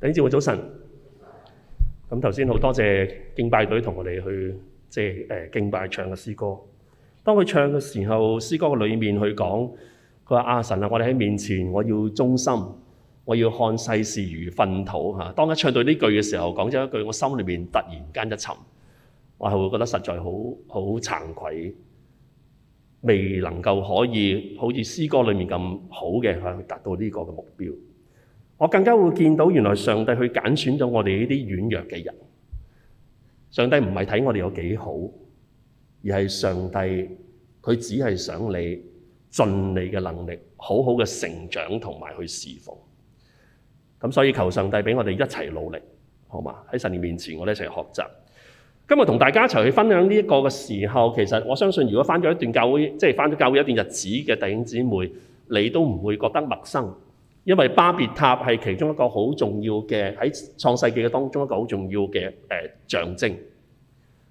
弟兄姊妹早晨，咁頭先好多謝敬拜隊同我哋去即係敬拜唱嘅詩歌。當佢唱嘅時候，詩歌嘅裏面去講，佢話阿神啊，我哋喺面前，我要忠心，我要看世事如糞土，啊，當一唱到呢句嘅時候，講咗一句，我心裏面突然間一沉，我係會覺得實在好好慚愧，未能夠可以好似詩歌裏面咁好嘅去達到呢個嘅目標。我更加會見到原來上帝去揀選咗我哋呢啲軟弱嘅人，上帝唔係睇我哋有幾好，而係上帝佢只係想你盡你嘅能力，好好嘅成長同埋去侍奉。咁所以求上帝俾我哋一齊努力，好嘛？喺神面前，我哋一齊學習。今日同大家一齊去分享呢一個嘅時候，其實我相信，如果翻咗一段教會，即係翻咗教會一段日子嘅弟兄姊妹，你都唔會覺得陌生。因為巴別塔係其中一個好重要嘅喺創世紀嘅當中一個好重要嘅、呃、象徵，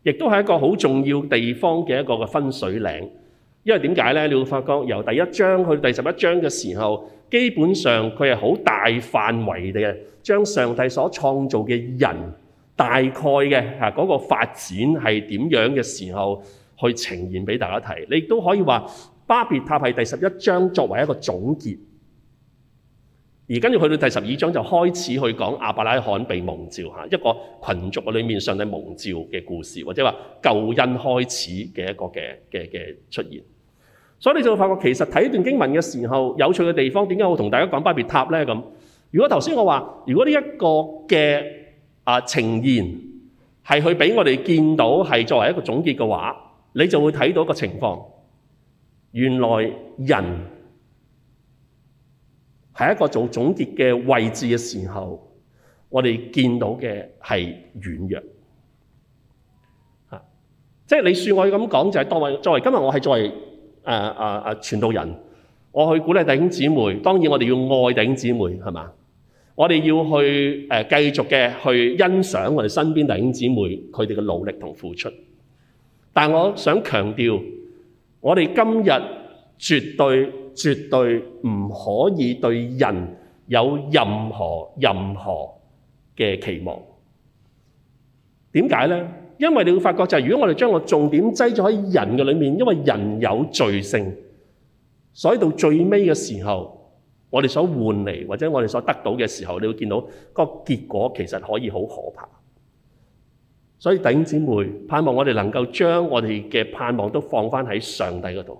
亦都係一個好重要的地方嘅一個分水嶺。因為點解呢？你會發覺由第一章去第十一章嘅時候，基本上佢係好大範圍嘅，將上帝所創造嘅人大概嘅啊嗰個發展係點樣嘅時候去呈現俾大家睇。你都可以話巴別塔係第十一章作為一個總結。而跟住去到第十二章就開始去講亞伯拉罕被蒙召吓，一個群族裏面上帝蒙召嘅故事，或者話救恩開始嘅一個嘅嘅嘅出現。所以你就會發覺，其實睇段經文嘅時候有趣嘅地方，點解我同大家講巴別塔咧咁？如果頭先我話，如果呢一個嘅啊呈現係去俾我哋見到係作為一個總結嘅話，你就會睇到一個情況，原來人。係一個做總結嘅位置嘅時候，我哋見到嘅係軟弱。啊，即係你恕我咁講，就係作為作為今日我係作為誒誒誒傳道人，我去鼓勵弟兄姊妹，當然我哋要愛弟兄姊妹，係嘛？我哋要去誒、呃、繼續嘅去欣賞我哋身邊的弟兄姊妹佢哋嘅努力同付出。但我想強調，我哋今日絕對。絕對唔可以對人有任何任何嘅期望。點解呢？因為你會發覺就係如果我哋將個重點擠咗喺人嘅裏面，因為人有罪性，所以到最尾嘅時候，我哋所換嚟或者我哋所得到嘅時候，你會見到個結果其實可以好可怕。所以弟兄姊妹，盼望我哋能夠將我哋嘅盼望都放返喺上帝嗰度。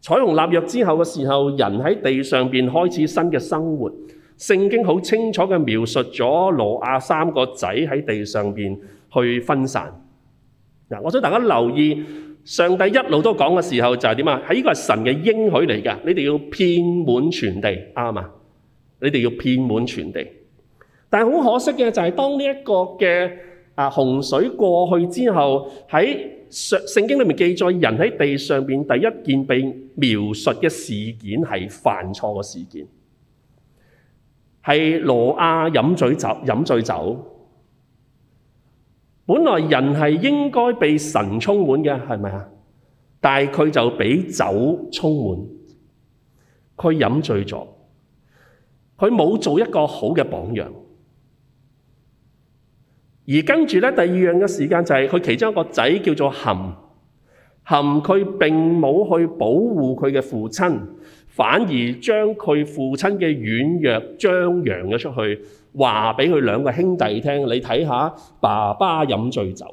彩虹立約之後嘅時候，人喺地上面開始新嘅生活。聖經好清楚嘅描述咗挪亞三個仔喺地上面去分散。我想大家留意，上帝一路都講嘅時候就係點啊？喺呢個神嘅應許嚟嘅，你哋要遍滿全地，啱嘛？你哋要遍滿全地。但係好可惜嘅就係當呢一個嘅洪水過去之後在聖經裏面記載，人喺地上面第一件被描述嘅事件係犯錯嘅事件，係羅亞飲醉酒飲醉酒。本來人係應該被神充滿嘅，係咪啊？但係佢就俾酒充滿，佢飲醉咗，佢冇做一個好嘅榜樣而跟住咧，第二樣嘅時間就係佢其中一個仔叫做含，含佢並冇去保護佢嘅父親，反而將佢父親嘅軟弱張揚咗出去，話俾佢兩個兄弟聽。你睇下，爸爸飲醉酒，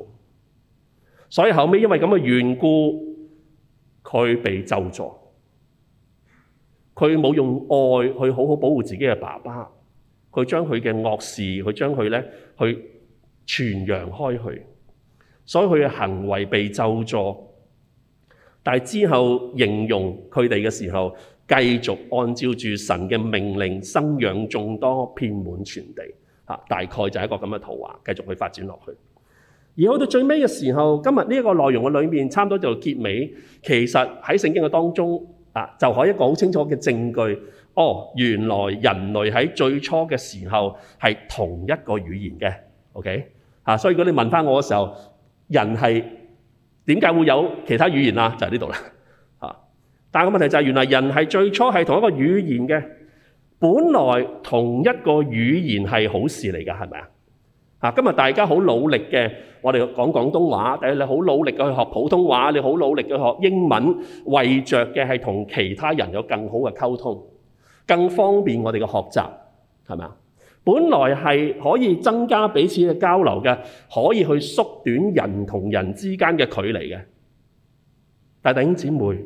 所以後尾因為咁嘅緣故，佢被咒咗。佢冇用愛去好好保護自己嘅爸爸，佢將佢嘅惡事，佢將佢呢去。傳揚開去，所以佢嘅行為被咒詛，但之後形容佢哋嘅時候，繼續按照住神嘅命令生養眾多，遍滿全地，啊。大概就是一個咁嘅圖畫，繼續去發展落去。而去到最尾嘅時候，今日呢個內容嘅裏面，差唔多就是結尾。其實喺聖經嘅當中，啊，就可以一個好清楚嘅證據。哦，原來人類喺最初嘅時候係同一個語言嘅 OK。嚇、啊！所以如果你問返我嘅時候，人係點解會有其他語言、就是、這裡了啊？就係呢度啦。但係個問題就係，原來人係最初係同一個語言嘅，本來同一個語言係好事嚟㗎，係咪啊？今日大家好努力嘅，我哋講廣東話，但你好努力嘅去學普通話，你好努力去學英文，為着嘅係同其他人有更好嘅溝通，更方便我哋嘅學習，係咪啊？本來係可以增加彼此嘅交流嘅，可以去縮短人同人之間嘅距離嘅。但係弟兄姊妹，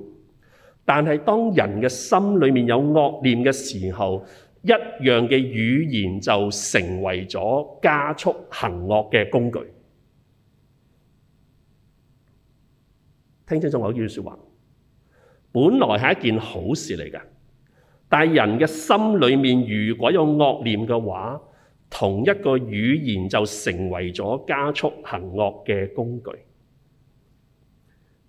但係當人嘅心裏面有惡念嘅時候，一樣嘅語言就成為咗加速行惡嘅工具。聽清楚我呢句說話，本來係一件好事嚟嘅。但係人嘅心裏面如果有惡念嘅話，同一個語言就成為咗加速行惡嘅工具。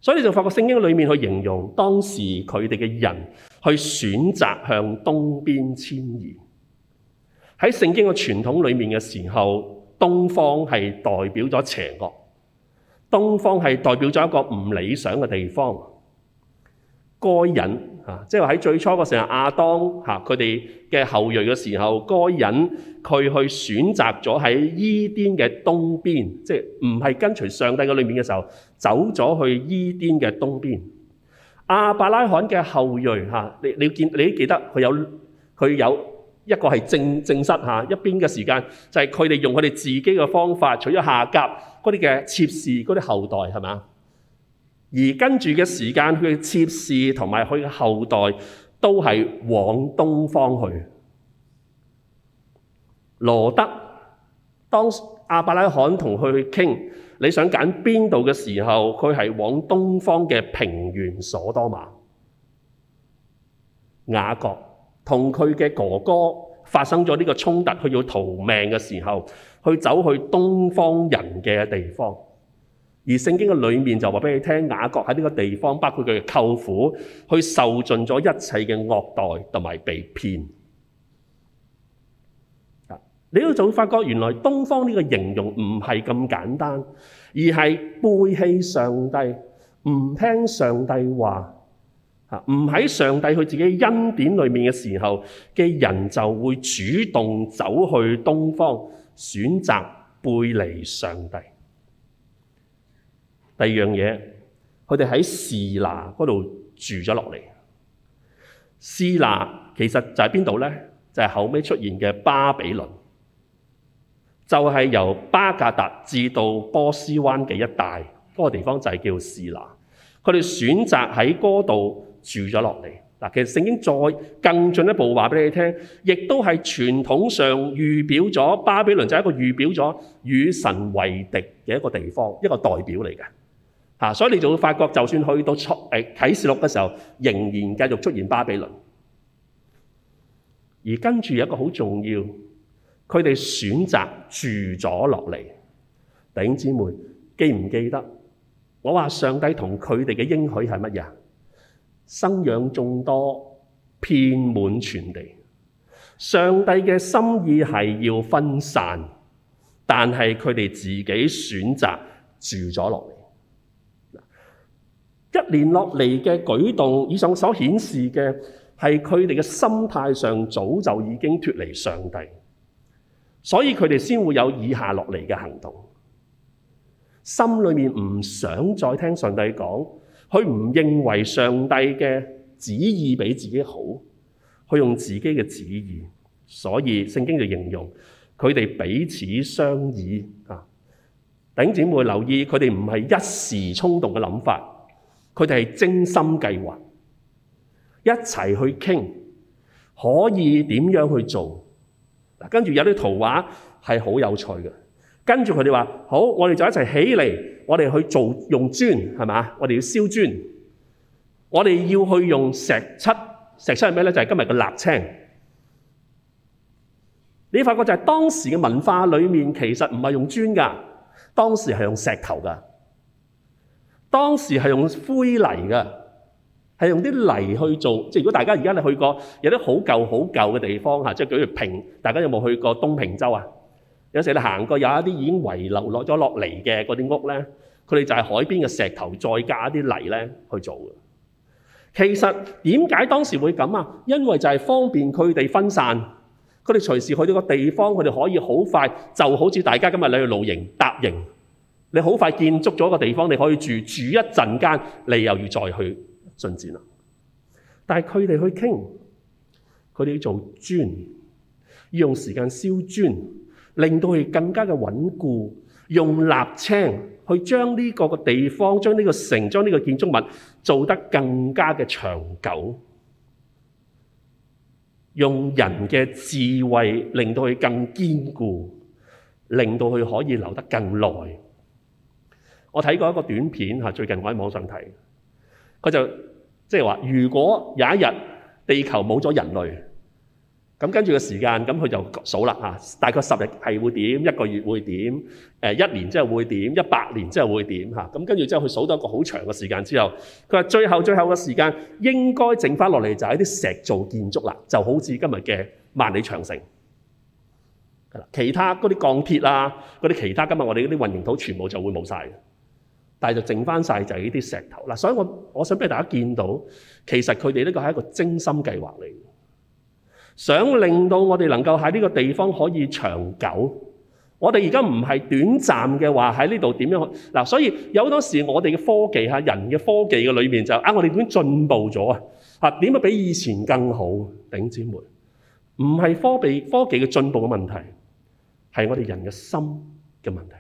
所以就發覺聖經裏面去形容當時佢哋嘅人去選擇向東邊遷移。喺聖經嘅傳統裏面嘅時候，東方係代表咗邪惡，東方係代表咗一個唔理想嘅地方。該隱。啊！即係喺最初嗰時，阿亞當嚇佢哋嘅後裔嘅時候，該人佢去選擇咗喺伊甸嘅東邊，即係唔係跟隨上帝嘅裏面嘅時候，走咗去伊甸嘅東邊。亞伯拉罕嘅後裔嚇，你要見你要你都記得佢有佢有一個係正正室嚇，一邊嘅時間就係佢哋用佢哋自己嘅方法取咗夏甲嗰啲嘅妾侍嗰啲後代係咪？是。而跟住嘅時間，佢嘅妾侍同埋佢嘅後代都係往東方去。羅德，當亞伯拉罕同佢去傾，你想揀邊度嘅時候，佢係往東方嘅平原所多瑪。雅各同佢嘅哥哥發生咗呢個衝突，佢要逃命嘅時候，佢走去東方人嘅地方。而聖經嘅裏面就話俾你聽，雅各喺呢個地方，包括佢嘅舅父，去受盡咗一切嘅惡待同埋被騙。你都就會發覺，原來東方呢個形容唔係咁簡單，而係背棄上帝，唔聽上帝話，不唔喺上帝佢自己的恩典裏面嘅時候嘅人就會主動走去東方，選擇背離上帝。第二樣嘢，佢哋喺示拿嗰度住咗落嚟。示拿其實就喺邊度呢？就係、是、後屘出現嘅巴比倫，就係、是、由巴格達至到波斯灣嘅一帶，嗰、那個地方就係叫示拿。佢哋選擇喺嗰度住咗落嚟。其實聖經再更進一步話俾你聽，亦都係傳統上預表咗巴比倫就係一個預表咗與神為敵嘅一個地方，一個代表嚟嘅。吓，所以你就會發覺，就算去到錯誒啟示錄嘅時候，仍然繼續出現巴比倫。而跟住有一個好重要，佢哋選擇住咗落嚟。弟兄姊妹，記唔記得？我話上帝同佢哋嘅應許係乜嘢？生養眾多，遍滿全地。上帝嘅心意係要分散，但係佢哋自己選擇住咗落嚟。一連落嚟嘅舉動，以上所顯示嘅係佢哋嘅心態上早就已經脫離上帝，所以佢哋先會有以下落嚟嘅行動。心裏面唔想再聽上帝講，佢唔認為上帝嘅旨意比自己好，佢用自己嘅旨意，所以聖經就形容佢哋彼此相異啊。弟兄姊妹留意，佢哋唔係一時衝動嘅諗法。佢哋係精心計劃，一齊去傾，可以點樣去做？跟住有啲圖畫係好有趣嘅。跟住佢哋話：好，我哋就一齊起嚟，我哋去做用磚係咪？我哋要燒磚，我哋要去用石漆。石漆係咩呢？就係、是、今日嘅瀝青。你發覺就係當時嘅文化裏面，其實唔係用磚㗎，當時係用石頭㗎。當時係用灰泥嘅，係用啲泥去做。即係如果大家而家你去過有啲好舊好舊嘅地方，即係比如平，大家有冇去過東平洲啊？有時你行過有一啲已經遺留落咗落嚟嘅嗰啲屋呢，佢哋就係海邊嘅石頭再加一啲泥呢去做嘅。其實點解當時會咁啊？因為就係方便佢哋分散，佢哋隨時去到一個地方，佢哋可以好快就好似大家今日你去露營搭營。你好快建築咗一個地方，你可以住住一陣間，你又要再去進展了。但係佢哋去傾，佢哋要做磚，要用時間燒磚，令到佢更加嘅穩固。用瀝青去將呢個個地方、將呢個城、將呢個建築物做得更加嘅長久。用人嘅智慧，令到佢更堅固，令到佢可以留得更耐。我睇過一個短片，最近我喺網上睇，佢就即係話：如果有一日地球冇咗人類，咁跟住個時間，咁佢就數啦嚇。大概十日係會點？一個月會點？一年之後會點？一百年之後會點？咁跟住之後佢數到一個好長嘅時間之後，佢話最後最後嘅時間應該剩返落嚟就係啲石造建築啦，就好似今日嘅萬里長城。係啦，其他嗰啲鋼鐵啊，嗰啲其他今日我哋嗰啲混凝土全部就會冇晒。但係就剩翻晒就係呢啲石頭嗱，所以我我想俾大家見到，其實佢哋呢個係一個精心計劃嚟嘅，想令到我哋能夠喺呢個地方可以長久。我哋而家唔係短暫嘅話喺呢度點樣去？嗱，所以有好多時我哋嘅科技嚇人嘅科技嘅裏面就啊，我哋點樣進步咗啊？嚇點樣比以前更好？頂姊妹唔係科技科技嘅進步嘅問題，係我哋人嘅心嘅問題。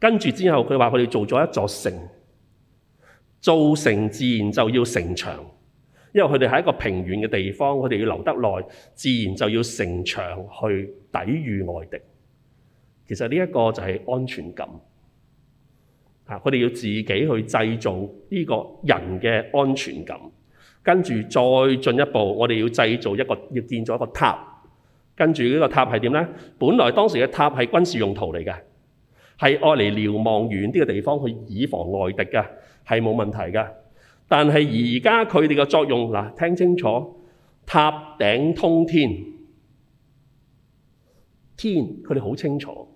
跟住之後，佢話：佢哋做咗一座城，造城自然就要城牆，因為佢哋喺一個平原嘅地方，佢哋要留得耐，自然就要城牆去抵禦外敵。其實呢一個就係安全感。啊，佢哋要自己去製造呢個人嘅安全感，跟住再進一步，我哋要製造一個要建造一個塔，跟住呢個塔係點呢？本來當時嘅塔係軍事用途嚟嘅。係愛嚟瞭望遠啲嘅地方去以防外敵㗎，係冇問題㗎。但係而家佢哋嘅作用嗱，聽清楚，塔頂通天，天佢哋好清楚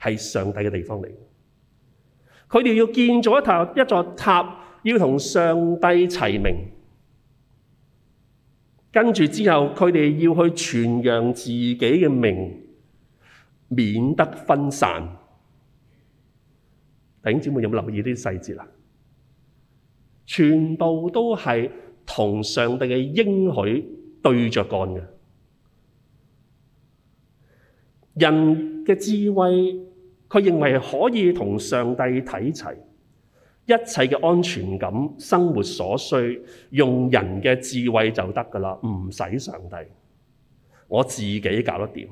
係上帝嘅地方嚟。佢哋要建造一座，一座塔，要同上帝齊名。跟住之後，佢哋要去傳揚自己嘅命，免得分散。弟兄姊妹有冇留意啲細節啊？全部都係同上帝嘅應許對着幹嘅。人嘅智慧，佢認為可以同上帝睇齊，一切嘅安全感、生活所需，用人嘅智慧就得㗎喇，唔使上帝，我自己搞得掂。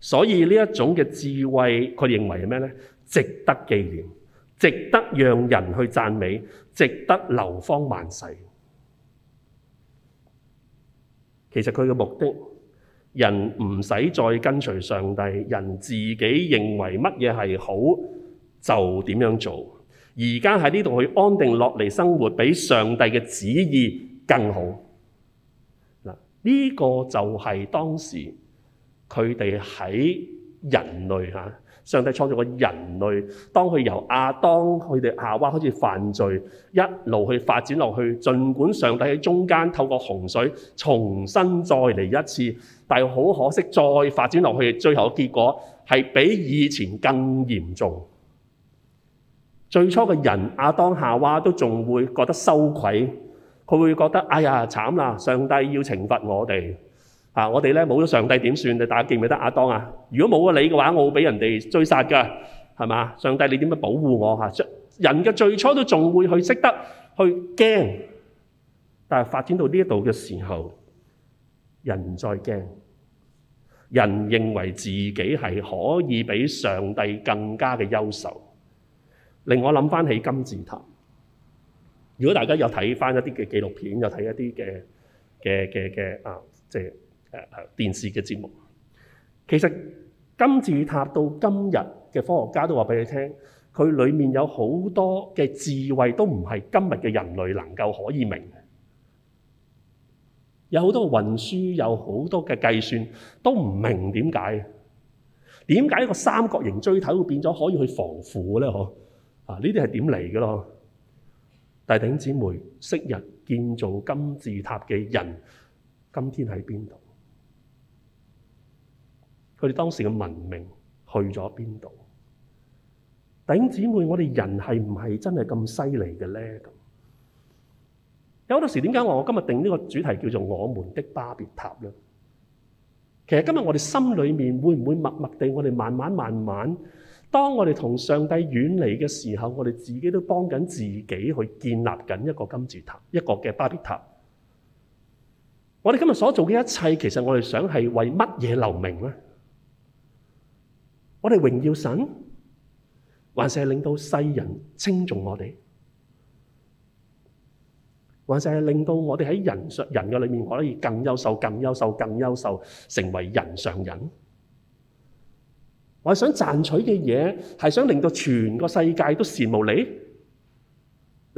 所以呢一種嘅智慧，佢認為係咩呢？值得紀念，值得讓人去讚美，值得流芳萬世。其實佢嘅目的，人唔使再跟隨上帝，人自己認為乜嘢係好就點樣做。而家喺呢度去安定落嚟生活，比上帝嘅旨意更好。這呢個就係當時佢哋喺人類上帝創造嘅人類，當佢由亞當佢哋夏娃開始犯罪，一路去發展落去，儘管上帝喺中間透過洪水重新再嚟一次，但係好可惜，再發展落去最後嘅結果係比以前更嚴重。最初嘅人亞當夏娃都仲會覺得羞愧，佢會覺得哎呀，慘啦，上帝要懲罰我哋。啊！我哋呢，冇咗上帝點算？大家記唔記得阿當啊？如果冇啊你嘅話，我會俾人哋追殺㗎，係嘛？上帝你怎麼，你點樣保護我？人嘅最初都仲會去識得去驚，但係發展到呢度嘅時候，人唔再驚，人認為自己係可以比上帝更加嘅優秀，令我諗返起金字塔。如果大家有睇返一啲嘅紀錄片，有睇一啲嘅嘅嘅誒電視嘅節目，其實金字塔到今日嘅科學家都話俾你聽，佢裡面有好多嘅智慧都唔係今日嘅人類能夠可以明。有好多運輸，有好多嘅計算都唔明點解。點解一個三角形錐體會變咗可以去防腐咧？嗬！啊，呢啲係點嚟嘅咯？弟兄姊妹，昔日建造金字塔嘅人，今天喺邊度？我哋當時嘅文明去咗邊度？頂姊妹，我哋人係唔係真係咁犀利嘅咧？咁有好多時，點解話我今日定呢個主題叫做我們的巴別塔咧？其實今日我哋心裏面會唔會默默地，我哋慢慢慢慢，當我哋同上帝遠離嘅時候，我哋自己都幫緊自己去建立緊一個金字塔，一個嘅巴別塔。我哋今日所做嘅一切，其實我哋想係為乜嘢留名咧？我哋榮耀神，還是係令到世人稱頌我哋，還是係令到我哋喺人上人嘅裏面可以更優秀、更優秀、更優秀，成為人上人。我係想賺取嘅嘢，係想令到全個世界都羨慕你，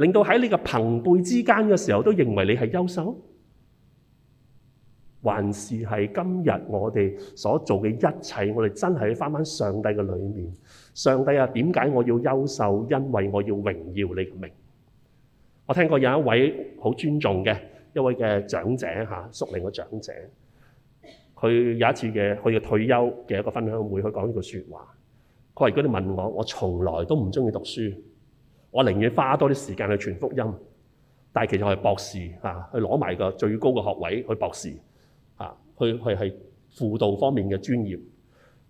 令到喺你嘅朋輩之間嘅時候都認為你係優秀。還是係今日我哋所做嘅一切，我哋真係要返返上帝嘅裏面。上帝啊，點解我要優秀？因為我要榮耀你嘅名。我聽過有一位好尊重嘅一位嘅長者嚇，屬靈嘅長者，佢有一次嘅佢嘅退休嘅一個分享會，佢講呢句説話。佢話：如果你問我，我從來都唔中意讀書，我寧願花多啲時間去傳福音。但係其實我係博士啊，去攞埋個最高嘅學位去博士。去去係輔導方面嘅專業，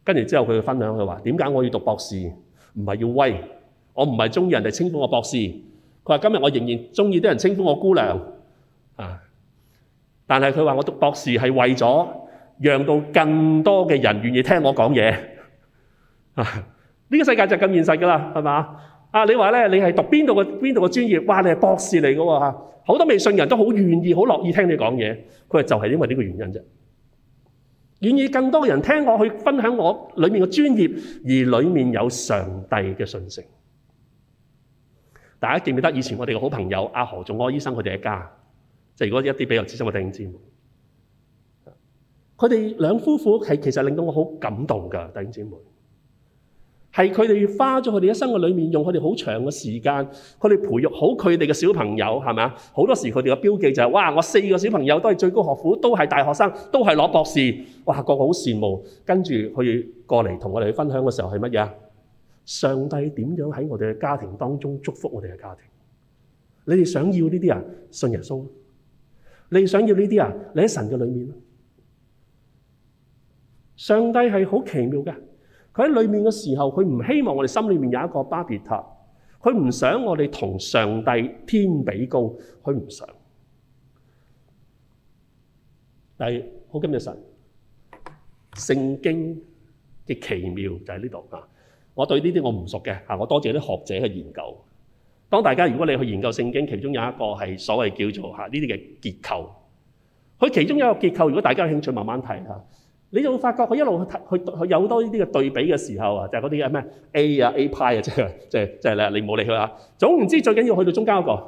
跟住之後佢分享，佢話點解我要讀博士？唔係要威，我唔係中意人哋稱呼我博士。佢話今日我仍然中意啲人稱呼我姑娘啊，但係佢話我讀博士係為咗讓到更多嘅人願意聽我講嘢啊！呢個世界就咁現實㗎啦，係嘛？啊，你話咧，你係讀邊度嘅邊度嘅專業？哇，你係博士嚟㗎喎嚇！好多未信人都好願意、好樂意聽你講嘢。佢話他就係因為呢個原因啫。願意更多的人聽我去分享我裏面嘅專業，而裏面有上帝嘅信息。大家記唔記得以前我哋嘅好朋友阿何仲安醫生佢哋一家，就是如果一啲比較資深嘅弟兄姐妹，佢哋兩夫婦係其實是令到我好感動㗎，弟兄姐妹。係佢哋花咗佢哋一生嘅裏面，用佢哋好長嘅時間，佢哋培育好佢哋嘅小朋友，係咪？好多時佢哋嘅標記就係哇，我四個小朋友都係最高學府，都係大學生，都係攞博士，哇！個個好羨慕。跟住去過嚟同我哋去分享嘅時候係乜嘢啊？上帝點樣喺我哋嘅家庭當中祝福我哋嘅家庭？你哋想要呢啲呀？信耶穌。你哋想要呢啲呀？你喺神嘅裏面。上帝係好奇妙嘅。佢喺裏面嘅時候，佢唔希望我哋心裏面有一個巴別塔，佢唔想我哋同上帝天比高，佢唔想但是。但係好，今日神聖經嘅奇妙就喺呢度啊！我對呢啲我唔熟嘅，我多謝啲學者去研究。當大家如果你去研究聖經，其中有一個係所謂叫做吓呢啲嘅結構，佢其中有一個結構，如果大家有興趣，慢慢睇下你就會發覺佢一路去睇，有好多呢啲嘅對比嘅時候啊，就係嗰啲嘅咩 A 啊 A 派啊，即係即係你唔好理佢、啊、總總言之，最緊要去到中間、那個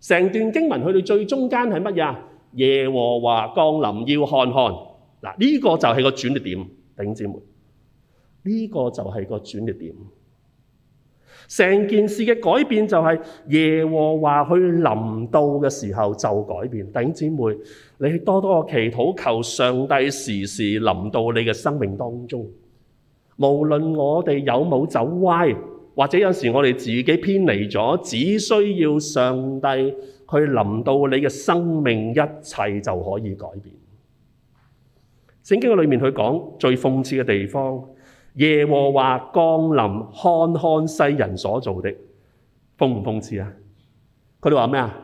成段經文，去到最中間係乜嘢啊？耶和華降臨要看看嗱，呢、這個就係個轉捩點，弟兄姊妹，呢、這個就係個轉捩點。成件事嘅改變就係耶和華去臨到嘅時候就改變。弟兄姊妹，你多多嘅祈禱求上帝時時臨到你嘅生命當中。無論我哋有冇走歪，或者有時我哋自己偏離咗，只需要上帝去臨到你嘅生命，一切就可以改變。聖經裏面佢講最諷刺嘅地方。耶和華降臨，看看世人所做的，諷唔諷刺啊？佢哋話咩啊？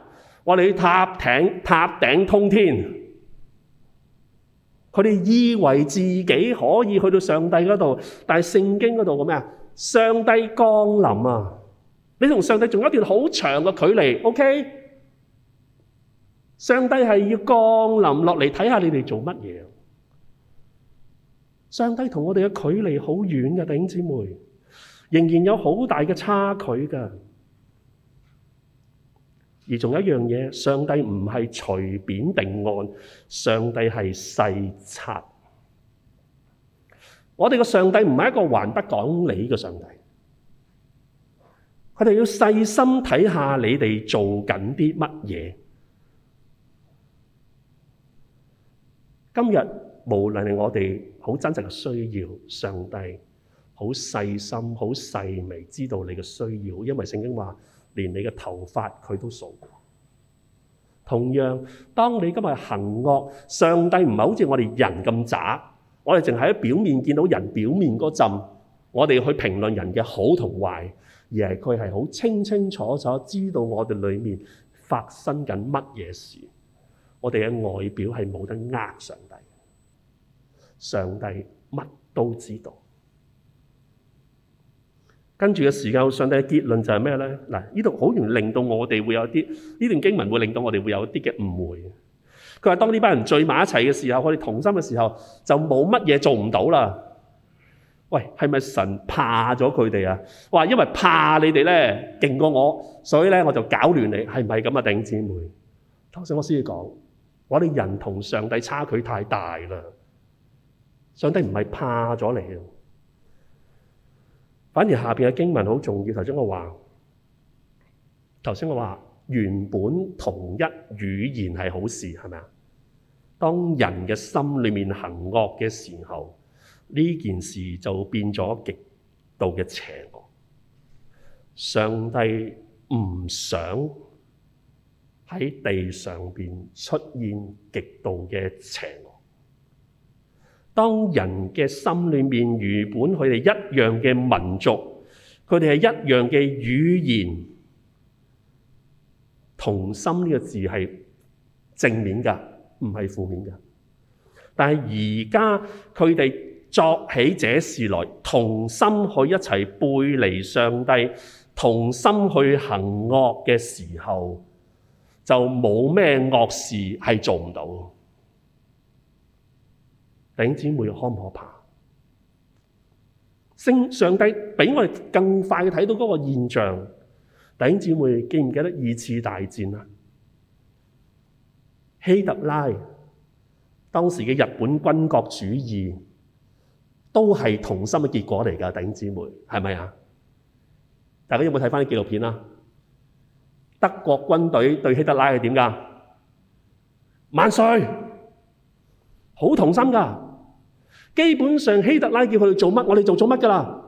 話你塔頂，塔頂通天，佢哋以為自己可以去到上帝嗰度，但係聖經嗰度個咩啊？上帝降臨啊！你同上帝仲有一段好長嘅距離，OK？上帝係要降臨落嚟睇下你哋做乜嘢。上帝同我哋嘅距離好遠嘅，弟兄姊妹，仍然有好大嘅差距嘅。而仲有一樣嘢，上帝唔係隨便定案，上帝係細察。我哋嘅上帝唔係一個蠻不講理嘅上帝，佢哋要細心睇下你哋做緊啲乜嘢。今日無論係我哋。好真實嘅需要，上帝好細心、好細微，知道你嘅需要。因為聖經話，連你嘅頭髮佢都數過。同樣，當你今日行惡，上帝唔係好似我哋人咁渣，我哋淨係喺表面見到人表面嗰陣，我哋去評論人嘅好同壞，而係佢係好清清楚楚知道我哋裏面發生緊乜嘢事。我哋嘅外表係冇得呃上。上帝乜都知道，跟住嘅時候上帝嘅結論就係咩呢？嗱，呢度好容易令到我哋會有啲呢段經文會令到我哋會有啲嘅誤會。佢話：當呢班人聚埋一齊嘅時候，佢哋同心嘅時候，就冇乜嘢做唔到啦。喂，係咪神怕咗佢哋呀？哇，因為怕你哋呢，勁過我，所以呢，我就搞亂你，係唔係咁啊？弟兄姊妹，頭先我先要講，我哋人同上帝差距太大啦。上帝唔係怕咗你，反而下面嘅經文好重要。頭先我話，頭先我話，原本同一語言係好事，係咪？當人嘅心裏面行惡嘅時候，呢件事就變咗極度嘅邪惡。上帝唔想喺地上面出現極度嘅邪惡。當人嘅心裏面原本佢哋一樣嘅民族，佢哋係一樣嘅語言，同心呢個字係正面㗎，唔係負面㗎。但係而家佢哋作起這事來，同心去一齊背離上帝，同心去行惡嘅時候，就冇咩惡事係做唔到嘅。弟兄姊妹可唔可怕？聖上帝俾我哋更快嘅睇到嗰個現象。弟兄姊妹記唔記得二次大戰啊？希特拉當時嘅日本軍國主義都係同心嘅結果嚟㗎。弟兄姊妹係咪呀？大家有冇睇返啲紀錄片啊？德國軍隊對希特拉係點㗎？萬歲！好同心㗎。基本上希特拉叫佢哋做乜，我哋做咗乜㗎啦？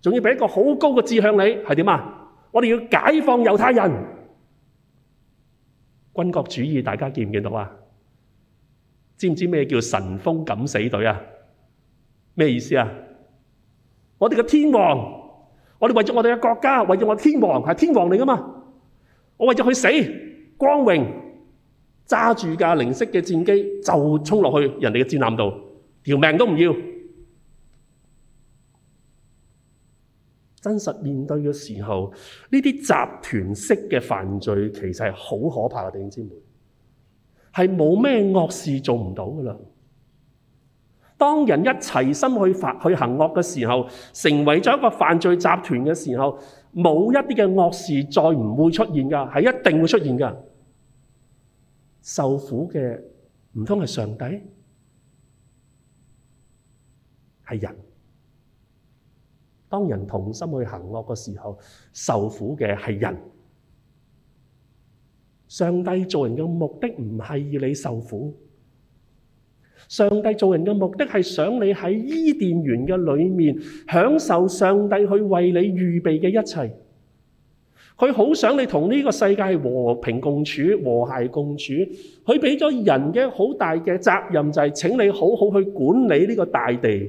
仲要俾一個好高嘅志向，你係點呀？我哋要解放猶太人，軍國主義大家見唔見到啊？知唔知咩叫神風敢死隊呀，啊？咩意思啊？我哋嘅天皇，我哋為咗我哋嘅國家，為咗我的天皇係天皇嚟㗎嘛？我為咗佢死，光榮揸住架零式嘅戰機就衝落去人哋嘅戰艦度。條命都唔要，真實面對嘅時候，呢啲集團式嘅犯罪其實係好可怕嘅，弟兄姊妹，係冇咩惡事做唔到㗎啦。當人一齊心去去行惡嘅時候，成為咗一個犯罪集團嘅時候，冇一啲嘅惡事再唔會出現㗎，係一定會出現㗎。受苦嘅唔通係上帝？是人，當人同心去行惡嘅時候，受苦嘅是人。上帝做人嘅目的唔係要你受苦，上帝做人嘅目的是想你喺伊甸園嘅裏面享受上帝去為你預備嘅一切。佢好想你同呢個世界和平共處、和諧共處。佢畀咗人嘅好大嘅責任，就是請你好好去管理呢個大地。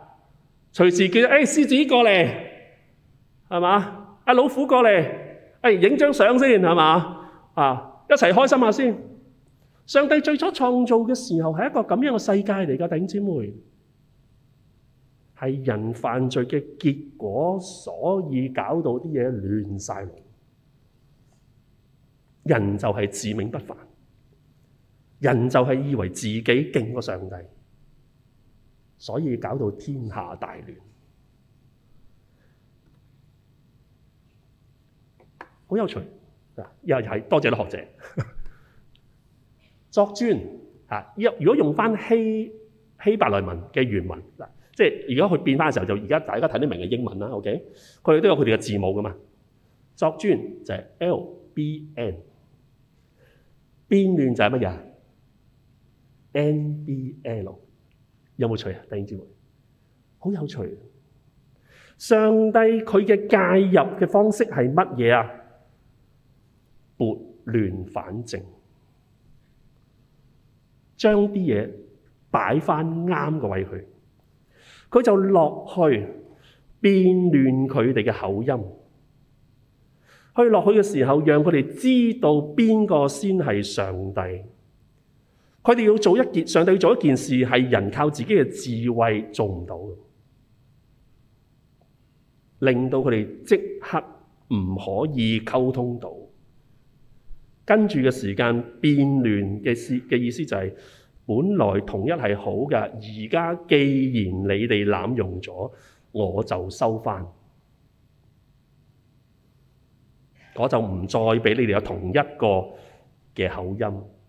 隨時叫，哎，獅子過嚟，係嘛？阿老虎過嚟，哎，影張相先，係嘛？啊，一齊開心下先。上帝最初創造嘅時候係一個咁樣嘅世界嚟嘅，頂姊妹，係人犯罪嘅結果，所以搞到啲嘢亂曬路。人就係自命不凡，人就係以為自己勁過上帝。所以搞到天下大亂，好有趣嗱。又係多謝啲學者。呵呵作專嚇，如果用翻希希伯來文嘅原文即係而家佢變翻嘅時候，就而家大家睇得明嘅英文啦。OK，佢都有佢哋嘅字母噶嘛。作專就係 LBN，變亂就係乜嘢？NBL。有冇趣啊？第二段好有趣。上帝佢嘅介入嘅方式係乜嘢啊？撥亂反正，將啲嘢擺翻啱嘅位置。佢就落去變亂佢哋嘅口音，佢下去落去嘅時候，讓佢哋知道邊個先係上帝。佢哋要做一件，上帝要做一件事，係人靠自己嘅智慧做唔到嘅，令到佢哋即刻唔可以溝通到。跟住嘅時間變亂嘅事嘅意思就係、是，「本來同一係好㗎，而家既然你哋濫用咗，我就收返。」我就唔再俾你哋有同一個嘅口音。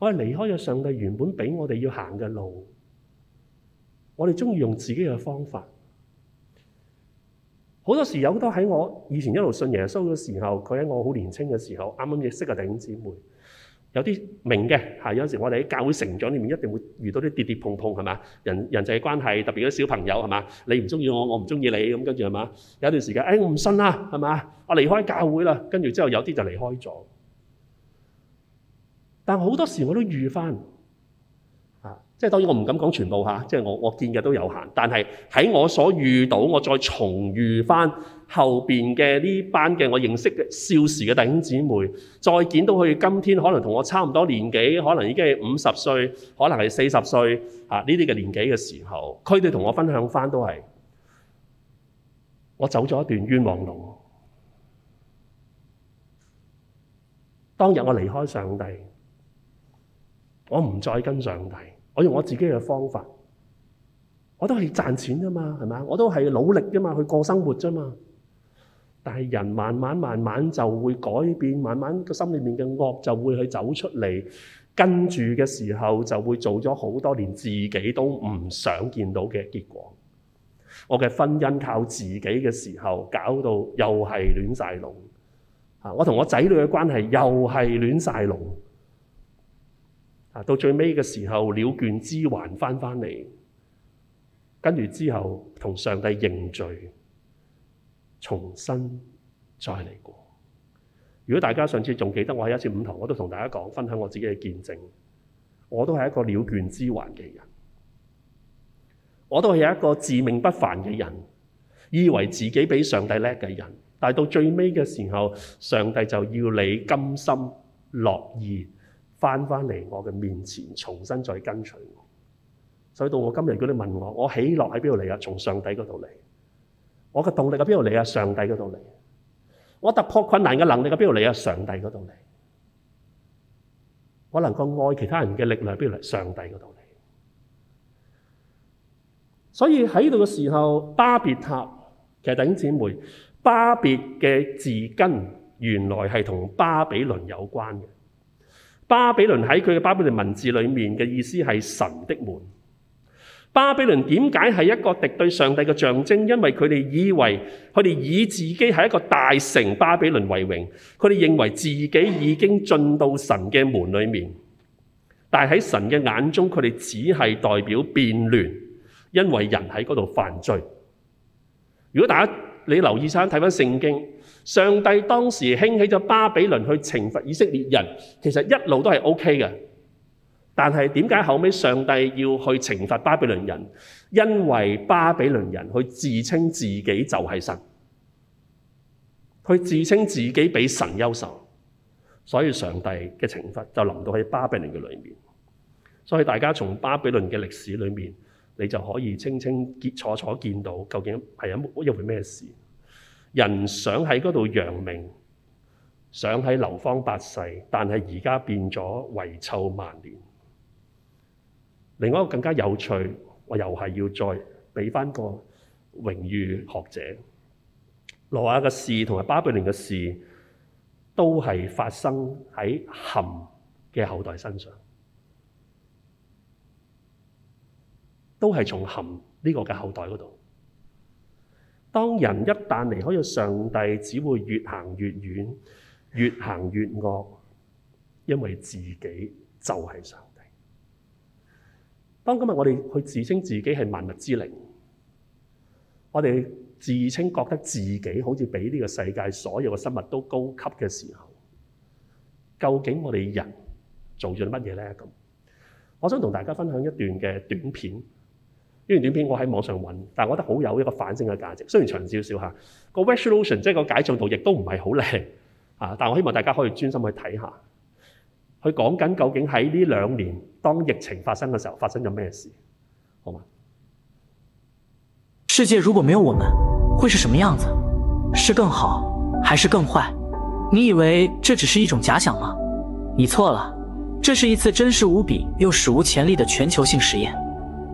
我哋離開咗上帝原本俾我哋要行嘅路，我哋鍾意用自己嘅方法。好多時候有好多喺我以前一路信耶穌嘅時候，佢喺我好年輕嘅時候，啱啱認識嘅弟兄姊妹，有啲明嘅嚇。有時候我哋喺教會成長裏面一定會遇到啲跌跌碰碰，係咪？人人際關係特別嗰啲小朋友係咪？你唔鍾意我，我唔鍾意你咁，跟住係咪？有段時間誒、哎，我唔信啦，係咪？我離開教會啦，跟住之後有啲就離開咗。但好多時我都遇翻，啊，即係當然我唔敢講全部嚇，即係我我見嘅都有限。但係喺我所遇到，我再重遇翻後面嘅呢班嘅我認識嘅少時嘅弟兄姊妹，再見到佢今天可能同我差唔多年紀，可能已經係五十歲，可能係四十歲，啊，呢啲嘅年紀嘅時候，佢哋同我分享翻都係，我走咗一段冤枉路，當日我離開上帝。我唔再跟上帝，我用我自己嘅方法，我都係賺錢啫嘛，係咪？我都係努力啫嘛，去過生活啫嘛。但係人慢慢慢慢就會改變，慢慢個心裏面嘅惡就會去走出嚟，跟住嘅時候就會做咗好多連自己都唔想見到嘅結果。我嘅婚姻靠自己嘅時候，搞到又係亂晒龍啊！我同我仔女嘅關係又係亂晒龍。到最尾嘅時候，鳥倦知還回來，鳥倦知還返返嚟，跟住之後同上帝認罪，重新再嚟過。如果大家上次仲記得我在，我喺一次午堂我都同大家講，分享我自己嘅見證，我都係一個鳥倦知還嘅人，我都係一個自命不凡嘅人，以為自己比上帝叻嘅人，但到最尾嘅時候，上帝就要你甘心樂意。翻返嚟我嘅面前，重新再跟隨我。所以到我今日叫你問我，我喜樂喺邊度嚟啊？從上帝嗰度嚟。我嘅動力喺邊度嚟啊？上帝嗰度嚟。我突破困難嘅能力喺邊度嚟啊？上帝嗰度嚟。我能夠愛其他人嘅力量喺邊度嚟？上帝嗰度嚟。所以喺度嘅時候，巴別塔其實弟兄姊妹，巴別嘅字根原來係同巴比倫有關嘅。巴比倫喺佢嘅巴比倫文字裏面嘅意思係神的門。巴比倫點解，是一個敵對上帝的象徵？因為佢哋以為佢哋以自己是一個大城巴比倫為榮，佢哋認為自己已經進到神的門裏面。但係喺神嘅眼中，佢哋只係代表變亂，因為人喺嗰度犯罪。如果大家你留意返睇返聖經。上帝當時興起咗巴比倫去懲罰以色列人，其實一路都係 OK 嘅。但係點解後尾上帝要去懲罰巴比倫人？因為巴比倫人去自稱自己就係神，去自稱自己比神優秀，所以上帝嘅懲罰就臨到喺巴比倫嘅裏面。所以大家從巴比倫嘅歷史裏面，你就可以清清楚楚見到究竟係一一回咩事。人想喺嗰度揚名，想喺流芳百世，但係而家變咗遺臭萬年。另外一個更加有趣，我又係要再俾返一個榮譽學者羅亞嘅事，同埋巴比倫嘅事，都係發生喺含嘅後代身上，都係從含呢個嘅後代嗰度。當人一旦離開咗上帝，只會越行越遠，越行越惡，因為自己就係上帝。當今日我哋去自稱自己係萬物之靈，我哋自稱覺得自己好似比呢個世界所有嘅生物都高級嘅時候，究竟我哋人做咗乜嘢呢？噉，我想同大家分享一段嘅短片。呢段短片我喺網上揾，但係我覺得好有一個反省嘅價值。雖然長少少吓，個 resolution 即係個解像度亦都唔係好靚啊，但我希望大家可以專心去睇下，佢講緊究竟喺呢兩年當疫情發生嘅時候發生咗咩事，好嘛？世界如果沒有我們，會是什麼樣子？是更好還是更壞？你以為這只是一種假想嗎？你錯了，這是一次真實無比又史無前例的全球性實驗。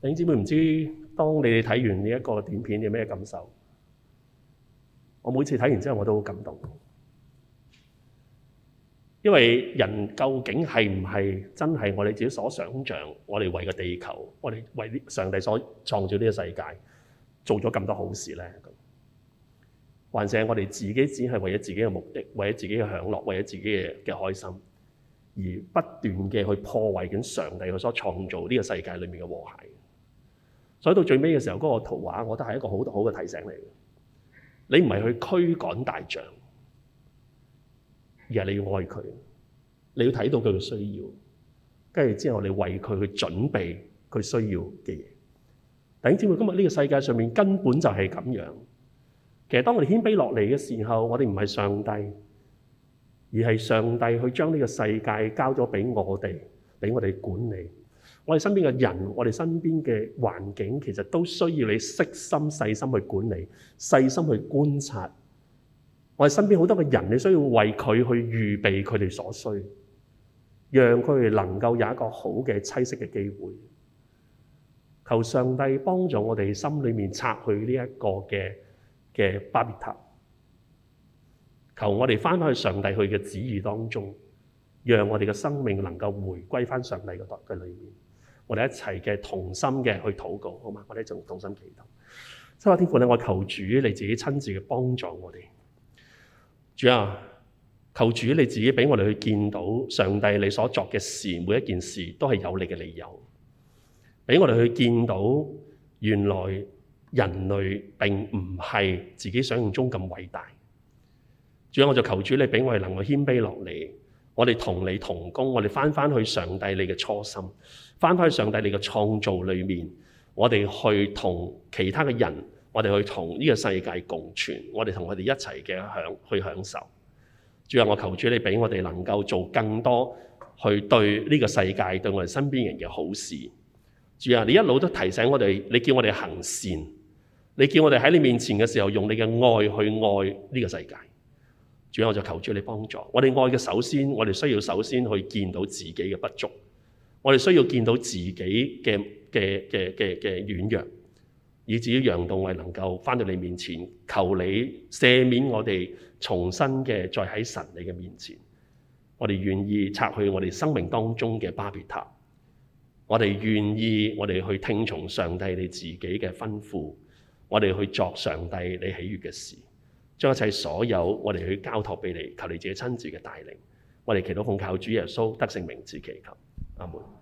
你知唔知，當你哋睇完呢一個短片有咩感受？我每次睇完之後，我都好感動，因為人究竟係唔係真係我哋自己所想像，我哋為個地球，我哋為上帝所創造呢個世界，做咗咁多好事呢？還是我哋自己只係為咗自己嘅目的，為咗自己嘅享樂，為咗自己的嘅開心，而不斷嘅去破壞緊上帝佢所創造呢個世界裏面嘅和諧？所以到最尾嘅時候，嗰、那個圖畫，我覺得係一個好好嘅提醒嚟。你唔係去驅趕大象，而係你要愛佢，你要睇到佢嘅需要，跟住之後你為佢去準備佢需要嘅嘢。頂知我今日呢個世界上面根本就係咁樣。其實當我哋謙卑落嚟嘅時候，我哋唔係上帝，而係上帝去將呢個世界交咗俾我哋，俾我哋管理。我哋身邊嘅人，我哋身邊嘅環境，其實都需要你悉心、細心去管理，細心去觀察。我哋身邊好多嘅人，你需要為佢去預備佢哋所需，讓佢哋能夠有一個好嘅棲息嘅機會。求上帝幫助我哋心裏面拆去呢一個嘅嘅巴別塔。求我哋翻返去上帝去嘅旨意當中，讓我哋嘅生命能夠回歸翻上帝嘅當嘅裏面。我哋一齊嘅同心嘅去禱告，好嘛？我哋就同心祈禱。西亞天父，我求主你自己親自去幫助我哋。主啊，求主你自己畀我哋去見到上帝你所作嘅事，每一件事都係有你嘅理由。畀我哋去見到，原來人類並唔係自己想象中咁偉大。主啊，我就求主你畀我哋能夠謙卑落嚟。我哋同你同工，我哋翻翻去上帝你嘅初心，翻翻去上帝你嘅創造裏面，我哋去同其他嘅人，我哋去同呢個世界共存，我哋同佢哋一齊嘅享去享受。主啊，我求主你俾我哋能夠做更多去對呢個世界對我哋身邊人嘅好事。主啊，你一路都提醒我哋，你叫我哋行善，你叫我哋喺你面前嘅時候用你嘅愛去愛呢個世界。主後就求助你幫助。我哋愛嘅首先，我哋需要首先去見到自己嘅不足，我哋需要見到自己嘅嘅嘅嘅嘅軟弱，以至於楊道衛能夠翻到你面前，求你赦免我哋，重新嘅再喺神你嘅面前，我哋願意拆去我哋生命當中嘅巴別塔，我哋願意我哋去聽從上帝你自己嘅吩咐，我哋去作上帝你喜悦嘅事。將一切所有我哋去交託俾你，求你自己親自嘅帶領，我哋祈禱奉靠主耶穌得勝名字祈求，阿門。